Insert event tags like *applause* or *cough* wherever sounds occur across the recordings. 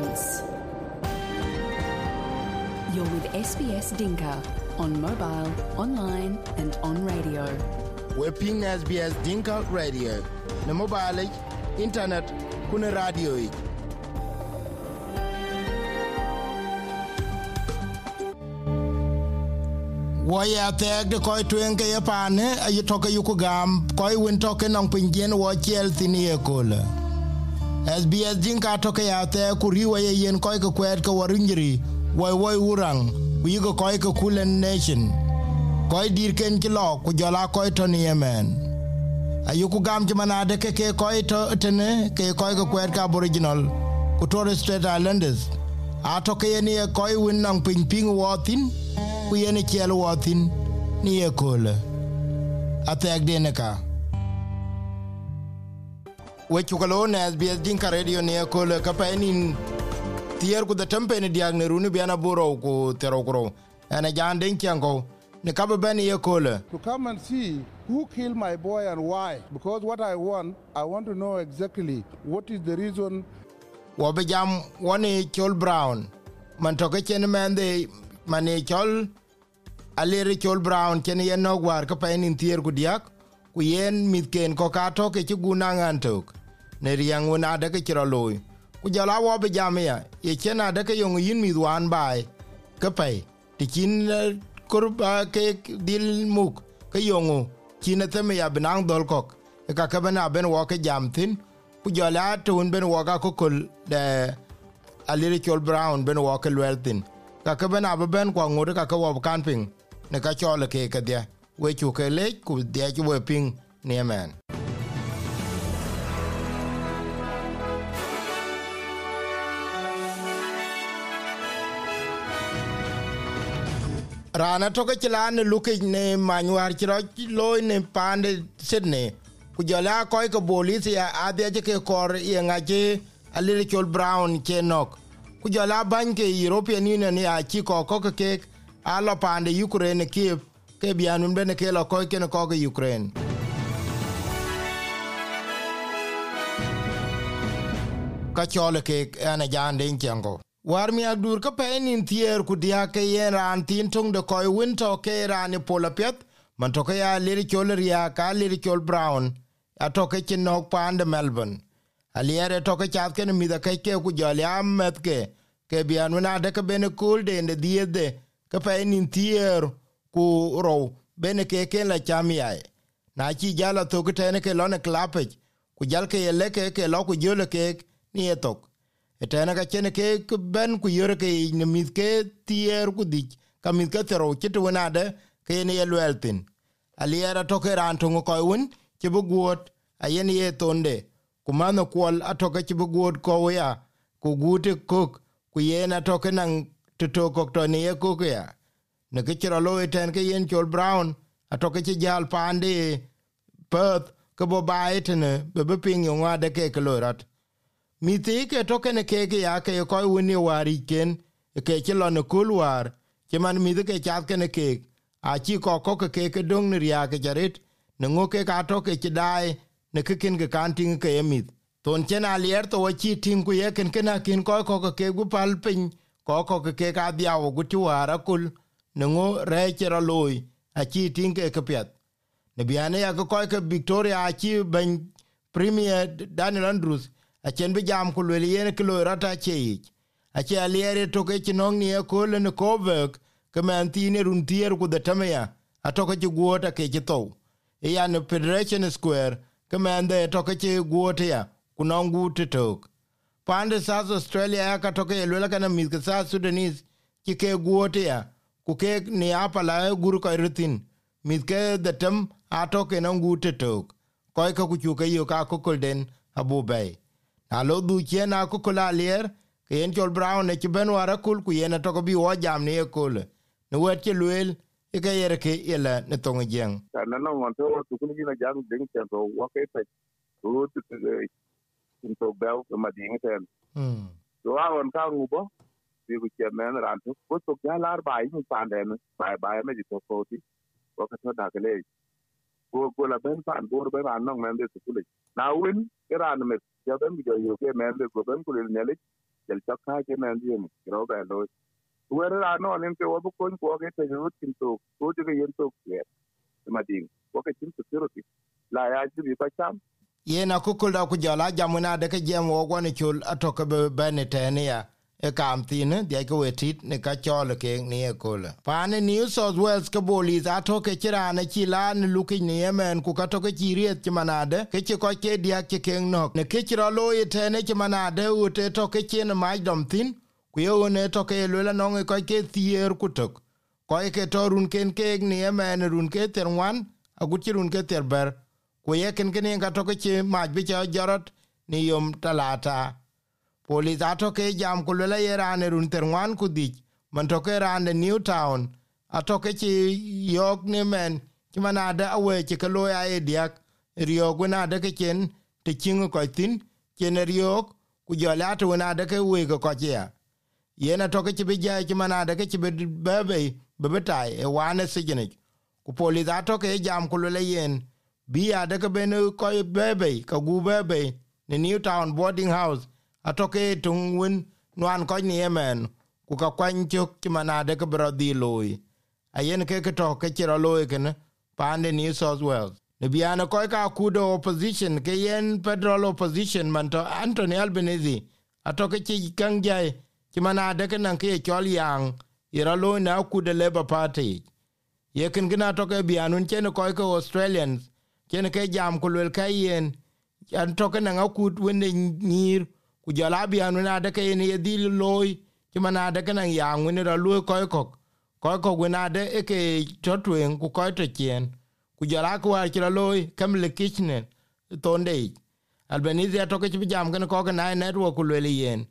difference. You're with SBS Dinka on mobile, online, and on radio. We're ping SBS Dinka Radio. Na mobile, internet, kuna radio. wɔya thɛɛk de kɔc tueŋ ke ye paane ayi tɔke yuku gam koi wen tɔke nɔŋ piny jien wɔ ciɛɛl thin ye SBS jinka toke ya te kuriwa ye yen koi ke kwet ke warinjiri woi woi urang kuyigo koi ke kulen nation koi dirken chilo kujola koi to ni yemen ayuku gam chimanade ke ke koi to tene ke koi ke kwet ke aboriginal ku Torres Strait Islanders atoke ye ni ye koi win nang ping ping wothin ku ye ni chiel wothin ni ye kole atek deneka we chukalo na SBS Dinka Radio ne ko le kapaini tier ku da tempe ne diag ne runu biana boro ku tero kro ene jan den kyango ne kabe ben ye ko le to come and see who killed my boy and why because what i want i want to know exactly what is the reason wo be jam woni chol brown man to ke chen men de mani chol aleri chol brown chen ye no war ka pen tier ku diak ku yen mitken ko ka to ke guna ngantok ne riang wen adeke ci ro looi ku jɔl awɔ bi jam ya ye cien adeke yöŋ yin mith waan baai kepɛi te cin eh, kor eh, keek dhil muk ke yöŋu cin etheme ya bi naŋ dhol kɔk ekakeben aben wɔke jam thin ku jɔl a teun ben wɔk akokol de aliri col brown ben wɔke luɛl thin kakeben abi ben kuɔŋ ŋot kake wɔ bi kan piŋ ne ka cɔl keekethia we cu ke lec ku dhiɛc we piŋ niemɛn rana toke chilane luke ne manyuar chiro loy ne pande Sydney kujala koy ko bolisi ya abia ke kor ye ngaje alire chol brown ke nok kujala banke european union ya chiko ko ke alo pande ukraine kiev ke bianun bene ke lo koy ken ko ukraine ka chole ke ana jande inchengo war miak dur ke nin thier ku dia ke yen ran tin tung de koy win to ke ran e pola apiɛth man to ya lir col ria ka lir chol brown a to ke chin nok pande melbourne aliere to ke chat mi da ke ku jɔl amet ke ke bian wen de bene kul de ne die de nin thier ku ro bene ke la cam yai na chi jala to tenke lone ku jalke ke le ke ku jole ni e etena ka chen ke ben ku yor ke ne mit ke tier ku dik ka mit ke tero ke tu na de ke ne ye lweltin aliera to ke ran tungu ko un ke bu guot a yen ye tonde ku mano kwal atoke ke bu guot ko ya ku gute kok ku yen atoke nan to to kok to ne ye kok ya ne ke tro lo eten ke yen chol brown atoke ke jal pande perth ke bo baitene be be ping yo ngade ke klorat mithi ke tokene keke ya ke ko wini e wari ken e ke ke lo ne kul war ke man mithi ke chat kene ke a chi ko ko ke ke dong ni ya ke jarit ne ngo ke ka to ke dai ne ke ken ke kan tin ke e mit ton chen a lier to chi tin ku ye ken ken a kin ko ko ke gu pal pin ko ko ke ka dia wo gu tu ara kul ne ngo re ke ro loy a chi tin ke ke pet ne biane ya ko ke victoria a chi ben premier daniel andrews achen bi jam ku lwel yen ki loi rata ce yic ace aliɛɛr e toke ci nɔŋ ni ekool ni kobek kemɛn thiin e run thier ku dhetemeya atoke ci guɔɔt ake ci thou eyan federation square kemɛn dhe toke ci guota ya ku nɔŋ gu tetok paande south australia ya ka toke ye luelakene mithke south sudanese ci ke guota ya ku kek ni apala e gur kɔc ruthin mithke dhetem atoke nɔŋ gu tetok kɔcke ku cuke yo ka abu alo du chen a ku ke yen chol brown ne ben wara kul ku yen to bi wo jam ne ne wet ke luel e ke ke yela ne to ngeng na no mon to tu kun ni na jam pe ru tu bel ma ding ten mm a on ka ru bo bi ku chen men ran tu ko to ga lar bai ni pan den bai bai me ji to ko ti ko ka to da ke go go la ben pan go ben an nong men de sukule na win iran me ya ben bi yo ke men de go ben kulil nyale jel chakha ke men de ro ba lo wer ra no nim ke wobu kon ko ke te ru tin to ko de ke yen to ke ma ding ko ke tin to tiro ti la ya ji bi ba cham ye na kukul da ku jala jamuna de ke jemo go ni chul atoke be benetenia e kam thin dia ko wetit ne ka chol e ke ni e kole pane new south wales ke bolis ato ke chirane chi lan luki ni yemen ku ka to ke chiriet ti manade ke ti ko ke dia ke ken nok ne ke tro lo ite e ne ti manade u te to ke chen e ma dom thin ku yo ne to ke lo la no ko ke tier ku tok ko ke to run ken ke ni yemen run ke ter wan agu ti run ke ter ber ku ye ken ken ka to ke chi ma bi ja jarot ni yom talata Police atoke jam kulwela ye rane run terngwan kudich. Man toke rane Newtown. Atoke chi yok ni men. Chima nada awe chike loya e diak. E riyok wina adake chen te chingu koi thin. Chen e riyok kujole atu wina adake uweke kochia. Yena toke chibi jaya chima nada ke chibi bebe bebetai e wane sijinik. Ku police atoke jam kulwela yen. Bi adake bene koi bebe kagu bebe ni Newtown boarding house. atoke tung win nuan ko ni yemen ku ka kwan chok ki manade ke bro di loy ayen ke ke to ke chiro loy ken pande ni so well ne biana ko ka kudo opposition ke yen pedro opposition man to antony albanese atoke ti kangja ki manade ke nan ke chol yang ira loy na kudo labor party ye ken gina toke bianun chen ko ko australians chen ke jam kulwel ka yen antoke nan akut wene nyir ku jɔl abian wen adeke yen ye looi ci man adeke naŋ yaaŋ wen rɔ luoi kɔckɔk kɔckɔk wen ade eke tɔ ku kɔc tɔ cien ku jɔl akuaar ci rɔ looi kemle kicnen thondeic albanithia toke ci jam kene kɔke naai netwɔk ku luel yen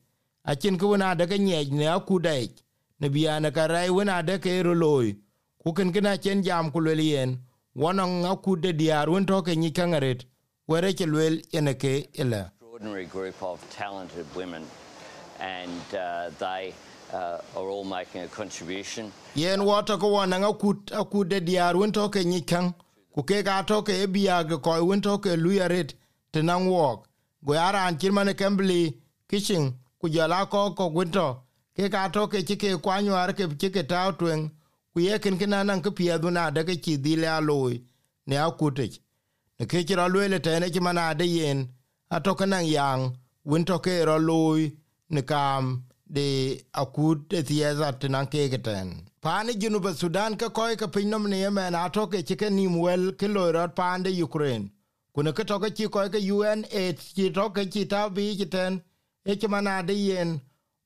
acin ke wen adeke nyiɛc ne akudaic ne biane ka wen adeke ro looi ku kenken acien jam ku luel yen wɔnɔŋ akud de wen tɔke nyic kaŋaret were ci luel eneke ele extraordinary group of talented women, and uh, they uh, are all making a contribution. Yen water ko wana ngakut akude diar winto ke nyikang kuke ga to ke biya ge ko winto ke luya red tenang walk go ara an kirmane kembli kitchen ku jala ko ko winto ke ga to ke chike kwanyo ar ke chike ta twen ku ye ken kina nan ke pie duna de ke chi dile aloy ne akute ne ke chira luele tene de yen atoke nang yang win toke ro lui ne kam de akut de tieza tenan ke keten pani junuba sudan ka koy ka pin nom ne men atoke chike ni wel ke lo ro pande ukraine kuna ke toke chi koy ka un aid chi toke chi ta bi kiten e chmana de yen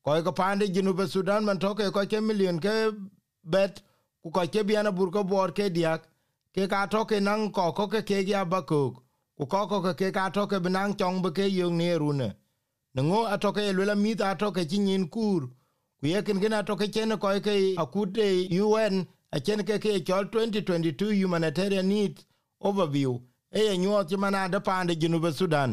koy ka pande junuba sudan man toke ko ke million ke bet ku ko ke biana burko bor ke diak ke ka toke nang ko ko ke ke ya bakuk ku koko ke ke ka toke benang chong be ke yong ne rune ne ngo atoke e lula mi ta toke chinin kur ku ye ken gena toke chen e ko ke akute UN a chen ke ke chol 2022 humanitarian need overview e ye nyo ti mana de pande ginu be Sudan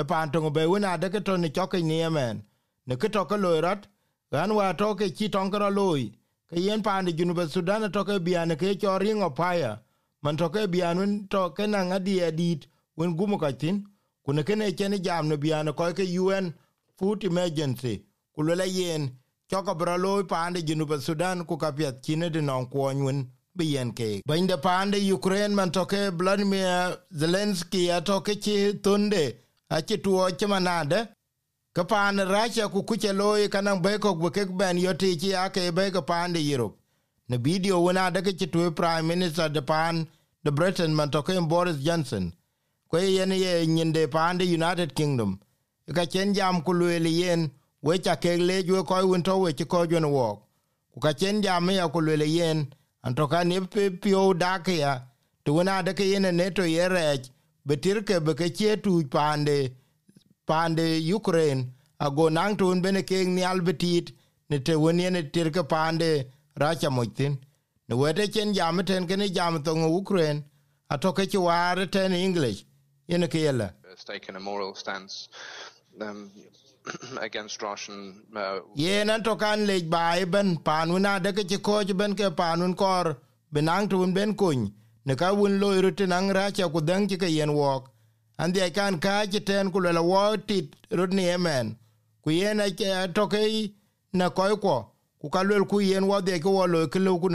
e pan to be wona da ke to ne toke ni yemen ne ke toke loirat ran wa toke chi tonkro loi ke yen pande ginu be Sudan e toke an ke choringo paya man toke bianun toke na ngadi edit wen gumo ka tin kuna kene chene jam ne biane ko ke UN food emergency kulula yen choko bralo pande jinu Sudan ku kapiat chine de non kwonyun biyen ke bende pande Ukraine man toke Vladimir Zelensky atoke chi tunde achi tuo chemanade ka pande Russia ku kuche loy kanang beko bukek ben yoti chi ake beko pande Europe ne video wona de ke chi tuo Prime Minister de pan the Britain man toke Boris Johnson ko yen ye nyinde pande united kingdom ka chen jam ku lwele yen we cha ke le jwe ko un to we ti ko jwe no ku ka chen jam ya ku lwele yen an to ka ni pe pio da ke ya tu na de ke yen ne to yere betir ke be ke che tu pande pande ukraine a go nang tu be ne ke ni al betit ne te won yen tir ke pande racha mo tin ne we de chen jam ten ke ne jam to ukraine a to ke ti war ten english Yannick yɛla yen taken a moral lec um, *clears throat* against Russian. wen adeke ci kɔɔc bɛn ke paan wen kɔɔr bi naŋ te wen bɛn kony ne ka wen loi rote naŋ racia yen wɔɔk an dhiac kan kaa ci tɛɛn ku luɛl awɔ tit rot ni emɛn ku yen atɔke na kɔc kuɔ ku ka luel ku yen wɔ dhiac ke wɔ loi kelou ku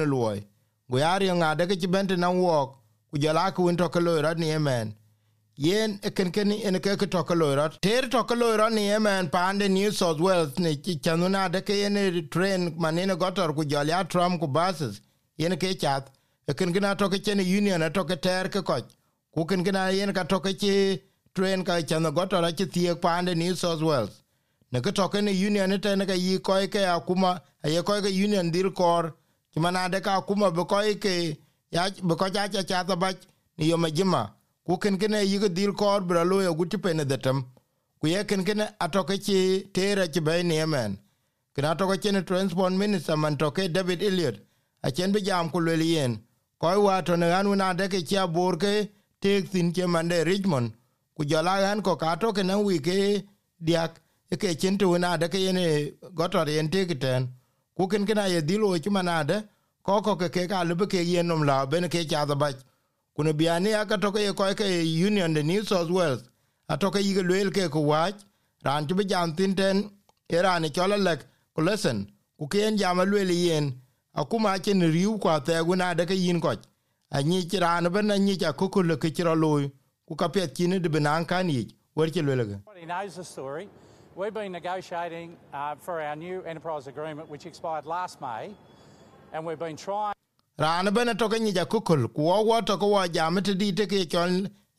yen eh, ken ken en eh, ke ke to kolo ro ter to kolo ro ni emen eh, pande new south wales ni ti chanu na de ke en train manene gotor ku jo ya trom ku buses yen ke chat ken gina to ke chen union to ke ter ke ko ku ken gina yen ka to ke ti train ka chanu gotor a ti ti pande new south wales ne ke to ke ni union ne te ne ke yi ko ke ya kuma ye ko ke union dir kor ti manade ka kuma bo ko ke ya bo ko ja cha ta ba ni yo majima ku ken kene yige dil kor bra lo yo gutu pene datam ku ye ken kene atoke ci tera ci bay ne men kena toke chen transport minister man toke David Elliot a chen bi jam ku le yen koy wa to ne anu na de ke cha bor ke tek tin che man de Richmond ku jala gan ko ka toke na wi ke diak ke chen tu na de ke ne gotor yen tek ten ku ken kena ye dilo chi manade ko ko ke ka lu ke yen la ben ke cha da bach kuna biane aka toke ye koy union the new south wales atoke yige lwel ke ko wach ran tin ten era ni chola lek ku ku ken lwel yen akuma chen riu kwa te guna de ke yin ke ku de benan kan yi wer lwel ge We've been negotiating uh, for our new enterprise agreement, which expired last May, and we've been trying. raan bene toke nyic akokol ku wɔ wɔ toke wɔ jam tedi teke cɔl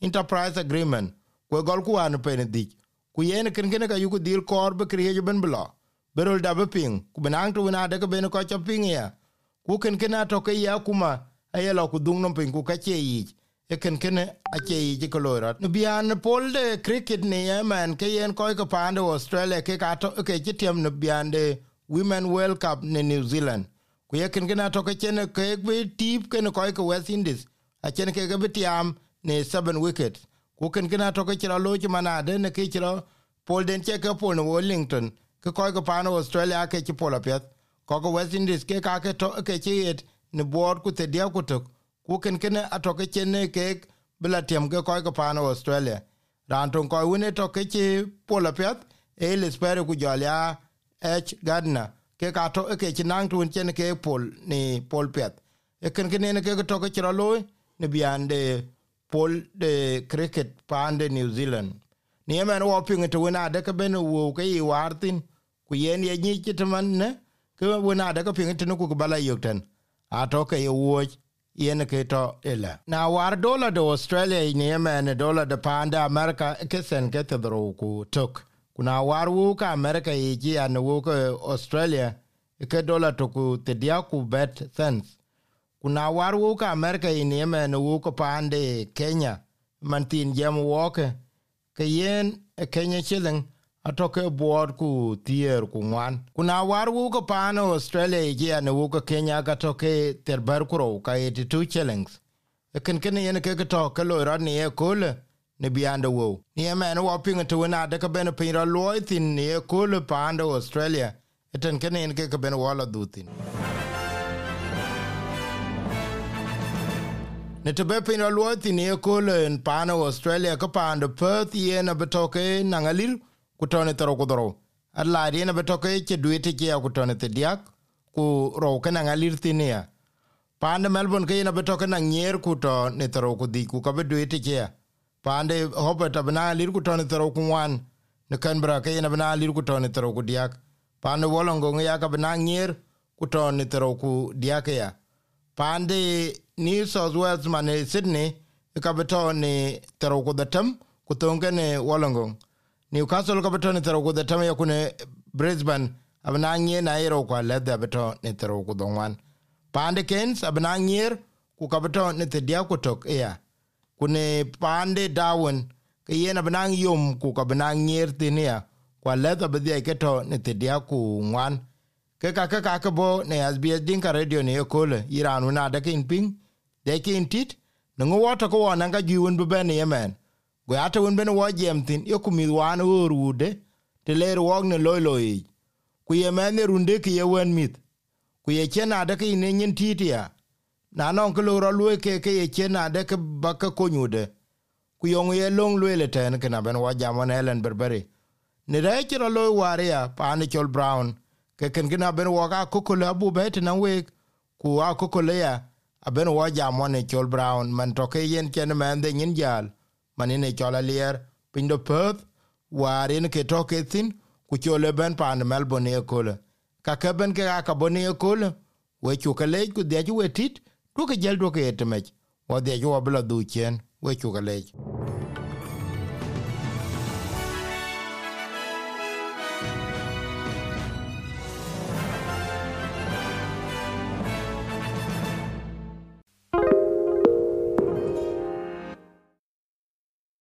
enterprise agreement kue gɔl ku waan pen dhic ku yen kenkene ka yuku dhil kɔɔr bi keriec ben bi lɔ bi rol dabi piŋ ku bi naŋ tewen adeke ben kɔc cɔ piŋ ya ku kenkene atoke ye akuma aye lɔ ku dhuŋ nom piny ku kace yic e kenkene ace yic ke loi rɔt bian pol de cricket ni emɛn ke yen kɔcke paande australia ke ci tiɛm ne bian de women world cup ne new zealand ku ye ken to ke chen ke be tip ken ko ke west indies a chen ke be tiam ne seven wicket ku ken gena to ke chira lo chi mana de ne ke chira pol den che ke pol wellington ke ko ke pano australia ke chi pol apet ko ko west indies ke ka ke to ke chi et ne bor ku te dia ku to ku ken ken a to ke chen ne ke bila tiem ke ko ke pano australia ran ton ko wine to ke chi pol apet e le spere h gardner ke ka to e ke ci nang tun chen ke pol ni pol pet e ken ken ne ke to ke ro loy ne bian de pol de cricket pan de new zealand ni e men wo ping e to na de ke ben wo ke i wartin ku yen ye ni ci man ne ke wo na de ke ping to ku bala yukten a to ke yo wo yen ke to ela na war dollar de australia ni men dollar de pan de america ke sen ke to ku tok kuna war wo ka amerika ye ji an wo ka australia ke dola to ku te dia ku bet cents kuna war wo ka amerika ye ne me no wo pande kenya man tin jam wo ke ke yen e kenya chilen ke board ku tier ku ngwan kuna war wo ko pano e australia ye ji an wo ko kenya ka toke terbar ku ro ka 82 challenge ken ken yen e ke to ke lo ran ye kole ne bianda wo ni emene wo pinga to na de ka bene pinra loy tin ne ko le panda australia eten kene en ke ka bene wala dutin ne to be pinra loy tin ne ko le en panda australia ka panda perth ye na betoke na ngalir ku to ne toro kudoro alla ye na betoke ke duite ke ku to ne te diak ku ro ka na ngalir tin ne panda melbourne ke na betoke na nyer ku to ne toro ku di ku ka be duite ke pande hope ta bana lir ku toni tero ku wan ne kan bra ke ne bana lir ku toni tero ku diak pande wolongo ya ka bana ngir ku toni tero ku diak ya pande ni so Wales mane Sydney ka betoni tero ku datam ku tonge ne wolongo ni ka so ka betoni tero ku datam ya ku ne Brisbane abana ngir na ero le da beto ne tero ku wan pande kens abana ngir ku ka beto ne te diak ku tok ya kune pande dawen ke yena benang yom ku ka benang nyer tinia kwa leta bedia keto ne tedia ku ngwan ke ka ka ka bo ne din ka radio ne yokole iran una de kin ping de kin tit ne ngwata ko wana ga bu ben yemen go ata won ben wo jem tin mi wan urude te ler wog ne loy loy ku yemen ne runde ki yewen mit ku ye chena de kin ne nyin titia na non ke lora lue ke ke ye chen de ke baka de ku yong ye long lue le ten ke na ben wa jamon Helen Berberi ne re ke lo ware ya pa ne chol Brown ke ken ke na ben wa ka ku kula bu bet na we ku a ku le ya a ben wa jamon ne chol Brown man to ke yen ken man de nyin jal man ne chol alier pin do perth ware ne ke to ke tin ku chole ben pa ne Melbourne ye kula ka ke ben ke ka bonie kula we chu ke le ku de ju we tit ku ke jel do ke etmech wa de yo bla du chen we chu ga lech